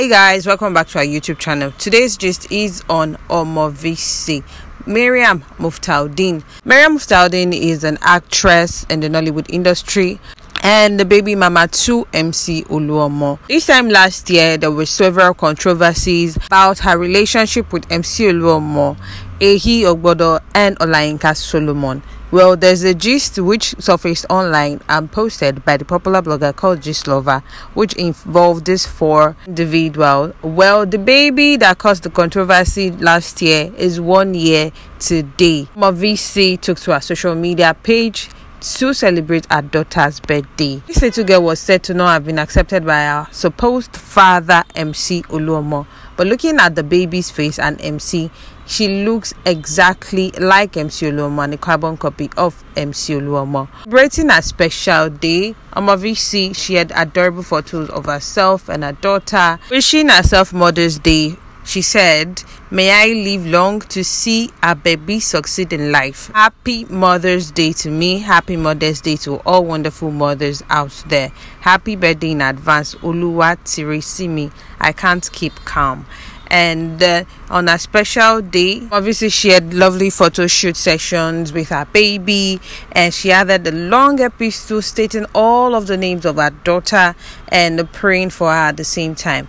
hey guys welcome back to our youtube channel today's gist is on omovisi miriam muftaudin miriam muftaudin is an actress in the nollywood industry and the baby mama to MC Oluomo. This time last year, there were several controversies about her relationship with MC Oluomo, Ehi Ogbodo, and Olainka Solomon. Well, there's a gist which surfaced online and posted by the popular blogger called Gistlover, which involved these four individuals. Well, the baby that caused the controversy last year is one year today. Mavisi took to her social media page to celebrate her daughter's birthday. This little girl was said to not have been accepted by her supposed father, MC Uluomo. But looking at the baby's face and MC, she looks exactly like MC Oluomo and a carbon copy of MC Oluomo. Celebrating a special day, she shared adorable photos of herself and her daughter. Wishing herself Mother's Day, she said, May I live long to see a baby succeed in life. Happy Mother's Day to me. Happy Mother's Day to all wonderful mothers out there. Happy birthday in advance, Oluwa Tirisimi. I can't keep calm and uh, on a special day obviously she had lovely photo shoot sessions with her baby and she added a long epistle stating all of the names of her daughter and praying for her at the same time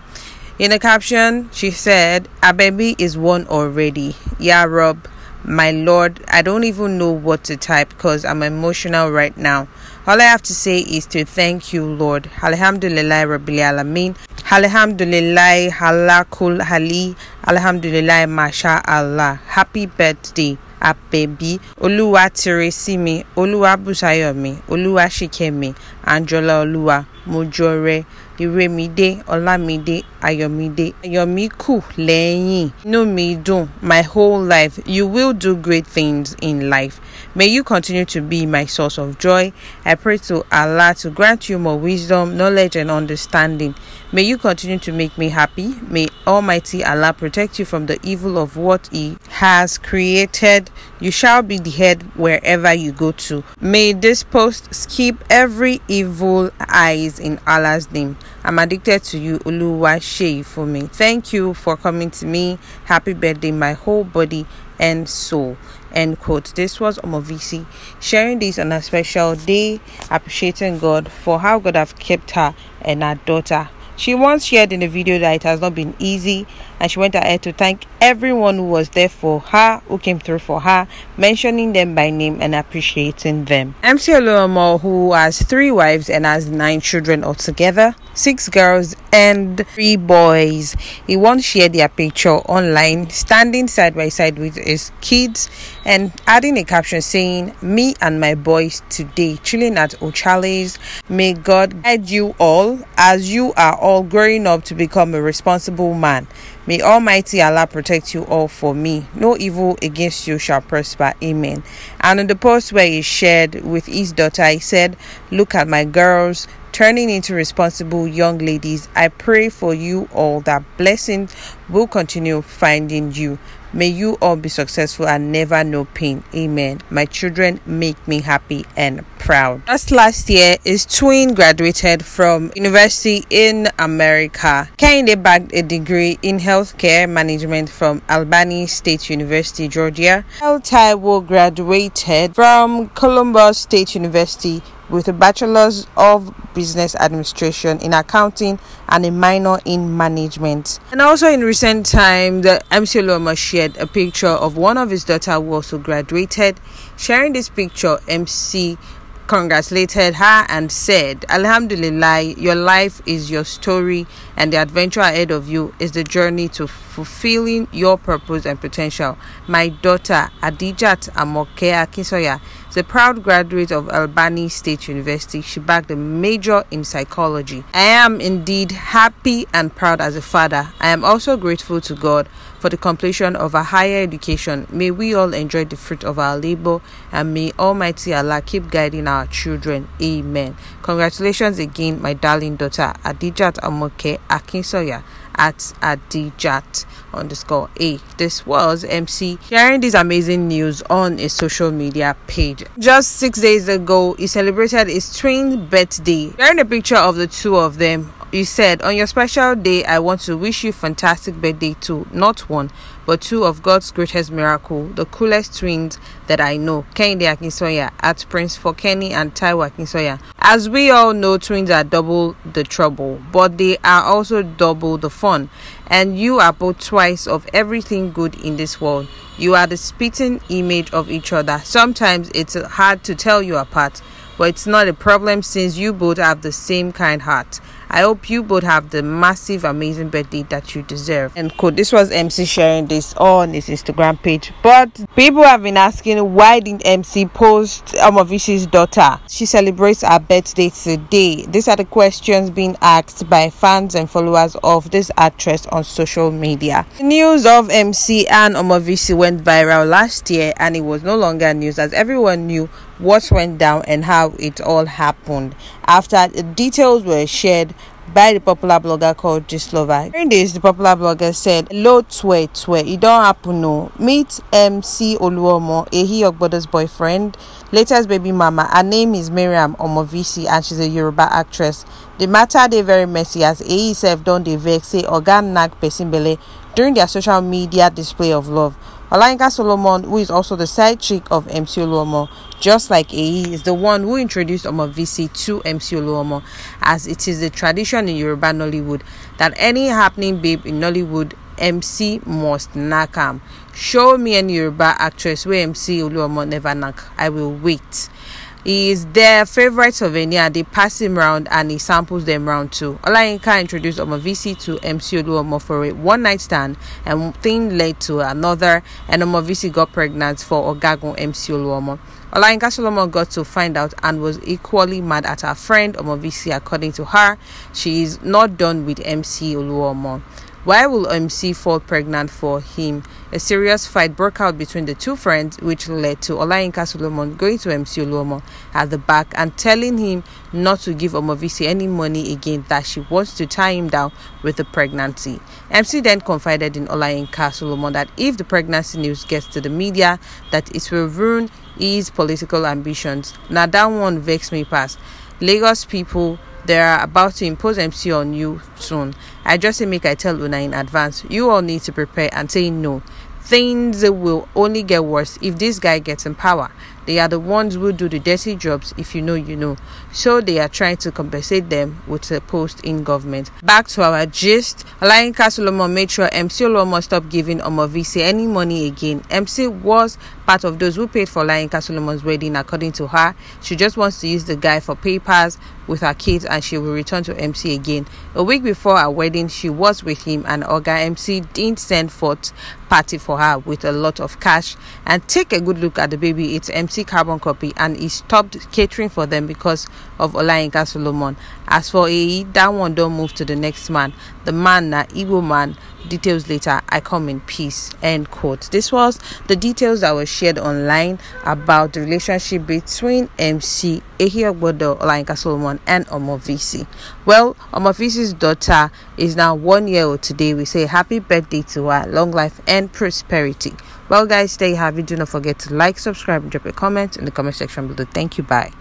in the caption she said our baby is one already yeah rob my lord i don't even know what to type because i'm emotional right now all i have to say is to thank you lord alhamdulillah rabbil alameen Alhamdulillah, Halakul Hali, Alhamdulillah, Masha Allah. Happy birthday, Abebi, Oluwa Teresimi, Oluwa Bushayomi, Oluwa Shikemi, Anjola Olua, Mojore, Iremide, Olamide, Ayomide. Ayomiku Leyin. No me do my whole life. You will do great things in life. May you continue to be my source of joy. I pray to Allah to grant you more wisdom, knowledge, and understanding. May you continue to make me happy. May Almighty Allah protect you from the evil of what He has created. You shall be the head wherever you go to. May this post skip every evil eyes in Allah's name. I'm addicted to you, Uluwa Shei, for me. Thank you for coming to me. Happy birthday, my whole body and soul. End quote. This was Omovisi sharing this on a special day, appreciating God for how God have kept her and her daughter. She once shared in a video that it has not been easy and she went ahead to thank everyone who was there for her, who came through for her, mentioning them by name and appreciating them. MC Oluomo, who has three wives and has nine children altogether, six girls and three boys, he once shared their picture online, standing side by side with his kids and adding a caption saying, Me and my boys today, chilling at Ochale's. May God guide you all as you are all growing up to become a responsible man. May Almighty Allah protect you all for me. No evil against you shall prosper. Amen. And in the post where he shared with his daughter, he said, Look at my girls turning into responsible young ladies. I pray for you all that blessings will continue finding you. May you all be successful and never know pain. Amen. My children make me happy and proud. Just last year, his twin graduated from university in America. Kehinde bagged a degree in healthcare management from Albany State University, Georgia. El Taiwo graduated from Columbus State University, with a bachelor's of business administration in accounting and a minor in management. And also in recent time, the MC Loma shared a picture of one of his daughter who also graduated. Sharing this picture, MC congratulated her and said, Alhamdulillah, your life is your story, and the adventure ahead of you is the journey to fulfilling your purpose and potential. My daughter, Adijat Amoke Kisoya, as a proud graduate of Albany State University, she backed a major in psychology. I am indeed happy and proud as a father. I am also grateful to God for the completion of a higher education. May we all enjoy the fruit of our labor and may Almighty Allah keep guiding our children. Amen. Congratulations again, my darling daughter Adijat Amoke Akinsoya at at underscore a. This was MC sharing this amazing news on a social media page. Just six days ago, he celebrated his twin birthday. Sharing a picture of the two of them you said, On your special day, I want to wish you fantastic birthday too. Not one, but two of God's greatest miracle, the coolest twins that I know, and Akinsoya at Prince for Kenny and Taiwo Akinsoya. As we all know, twins are double the trouble, but they are also double the fun. And you are both twice of everything good in this world. You are the spitting image of each other. Sometimes it's hard to tell you apart, but it's not a problem since you both have the same kind heart. I hope you both have the massive, amazing birthday that you deserve. And quote, this was MC sharing this on his Instagram page. But people have been asking why didn't MC post Omovisi's daughter? She celebrates her birthday today. These are the questions being asked by fans and followers of this actress on social media. The news of MC and Omovisi went viral last year and it was no longer news as everyone knew what went down and how it all happened after the details were shared by the popular blogger called Gislova. During this, the popular blogger said, Hello, Twe Twe, it don't happen no. Meet MC Oluomo, your brother's boyfriend, latest baby mama. Her name is Miriam Omovisi and she's a Yoruba actress. The matter they very messy as AESF self done the vex say organ nag person during their social media display of love. Olainka Solomon, who is also the side chick of MC Oluomo, just like AE, is the one who introduced Omovisi to MC Oluomo, as it is the tradition in Yoruba Nollywood that any happening babe in Nollywood MC must nakam. Show me any Yoruba actress where MC Oluomo never knock. I will wait is their favorite souvenir. They pass him round and he samples them round too. Olayinka introduced VC to MC Oluomo for a one night stand and thing led to another and VC got pregnant for Ogagun MC Oluomo. Olayinka Solomon got to find out and was equally mad at her friend VC. according to her. She is not done with MC Oluomo. Why will OMC fall pregnant for him? A serious fight broke out between the two friends, which led to Olainka Solomon going to MC Oluomo at the back and telling him not to give Omovisi any money again, that she wants to tie him down with the pregnancy. MC then confided in Olainka Solomon that if the pregnancy news gets to the media, that it will ruin his political ambitions. Now that one vexed me past. Lagos people, they are about to impose MC on you soon. I just say make I tell Una in advance. You all need to prepare and say no. Things will only get worse if this guy gets in power. They are the ones who do the dirty jobs, if you know, you know. So they are trying to compensate them with a post in government. Back to our gist. Castle Kasolomo made sure MC Olomo stopped giving Omovisi any money again. MC was part of those who paid for Lion Kasolomo's wedding, according to her. She just wants to use the guy for papers with her kids and she will return to MC again. A week before her wedding, she was with him and Oga MC didn't send forth party for her with a lot of cash. And take a good look at the baby, it's MC MC carbon copy and he stopped catering for them because of Olayinka Solomon. As for AE, that one don't move to the next man. The man, na Igbo man, details later i come in peace end quote this was the details that were shared online about the relationship between mc ehiogbodo olayinka solomon and omovisi well omovisi's daughter is now one year old today we say happy birthday to her long life and prosperity well, guys, stay happy. Do not forget to like, subscribe, drop a comment in the comment section below. Thank you. Bye.